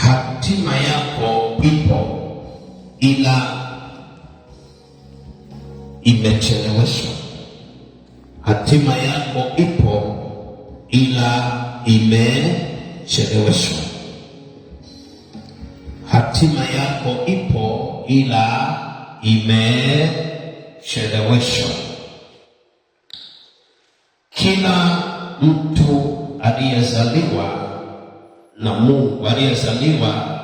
hatima yako ipo, ila imecheleweshwa. Hatima yako ipo, ila imecheleweshwa. Hatima yako ipo, ila imecheleweshwa. Kila mtu aliyezaliwa na Mungu aliyezaliwa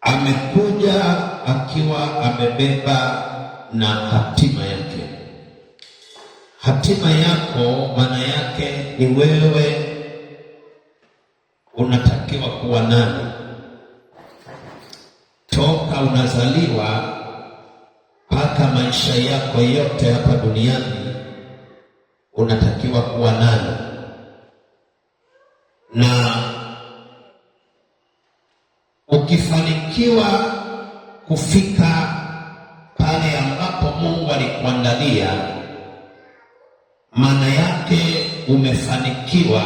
amekuja akiwa amebeba na hatima yake. Hatima yako maana yake ni wewe unatakiwa kuwa nani toka unazaliwa mpaka maisha yako yote hapa duniani, unatakiwa kuwa nani? na ukifanikiwa kufika pale ambapo Mungu alikuandalia, maana yake umefanikiwa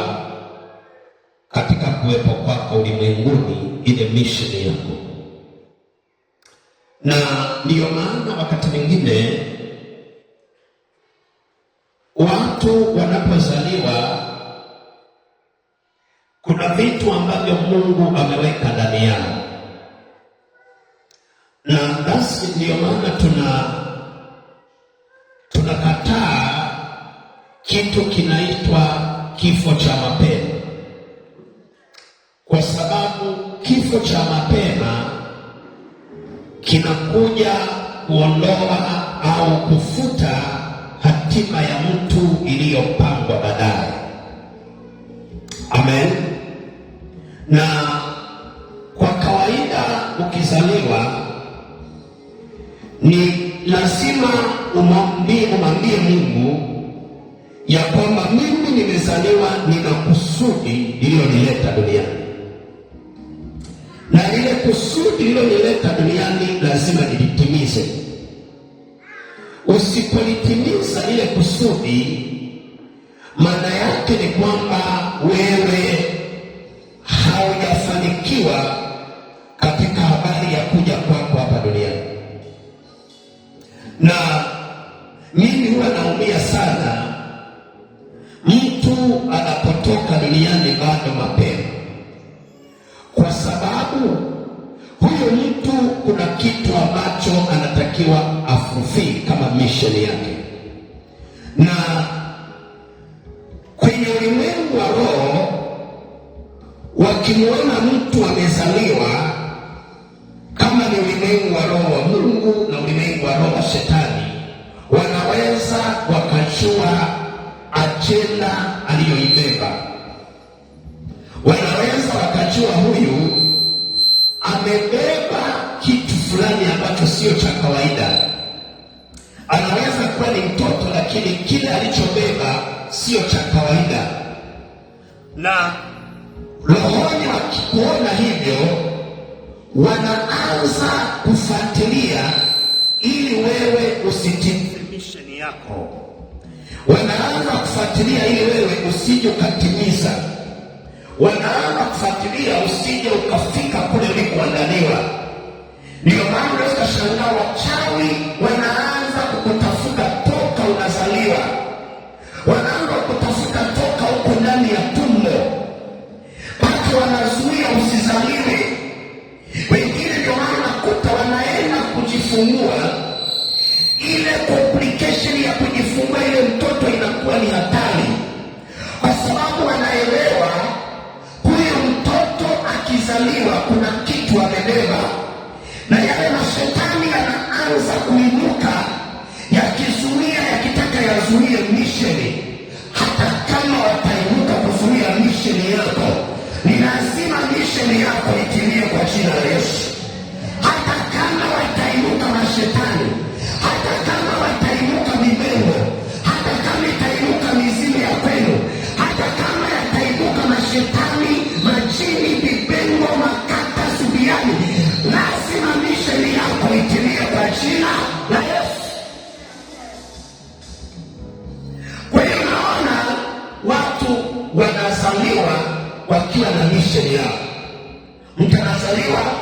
katika kuwepo kwako ulimwenguni, ile misheni yako. Na ndiyo maana wakati mwingine watu wanapozaliwa kuna vitu ambavyo Mungu ameweka ndani yao, na basi ndiyo maana tuna tunakataa kitu kinaitwa kifo cha mapema, kwa sababu kifo cha mapema kinakuja kuondoa au kufuta hatima ya mtu iliyopangwa baadaye. Amen na kwa kawaida ukizaliwa ni lazima umwambie umwambie Mungu ya kwamba mimi nimezaliwa, nina kusudi lililonileta duniani, na lile kusudi lililonileta duniani lazima nilitimize. Usipolitimiza lile kusudi, maana yake ni kwamba wewe kuchangiwa katika habari ya kuja kwako hapa duniani. Na mimi huwa naumia sana mtu anapotoka duniani bado mapema, kwa sababu huyo mtu kuna kitu ambacho anatakiwa afufii kama misheni yake na wakimwona mtu amezaliwa kama ni ulimwengu wa roho wa Mungu na ulimwengu wa roho wa Shetani, wanaweza wakajua ajenda aliyoibeba, wanaweza wakajua huyu amebeba kitu fulani ambacho sio cha kawaida. Anaweza kuwa ni mtoto, lakini kile alichobeba sio cha kawaida na rohoni wakikuona hivyo, wanaanza kufuatilia ili wewe usitimize misheni yako, wanaanza kufuatilia ili wewe usije ukatimiza, wanaanza kufuatilia usije ukafika kule ulikoandaliwa. Ndio maana unaweza kushangaa wachawi wanaanza ile complication ya kujifungua ile mtoto inakuwa ni hatari, kwa sababu anaelewa huyu mtoto akizaliwa kuna kitu amebeba, na yale mashetani yanaanza kuinuka yakizuia, yakitaka yazuie misheni. Hata kama watainuka kuzuia misheni yako, ni lazima misheni yako itimie kwa jina la Yesu. sheria, mtakasaliwa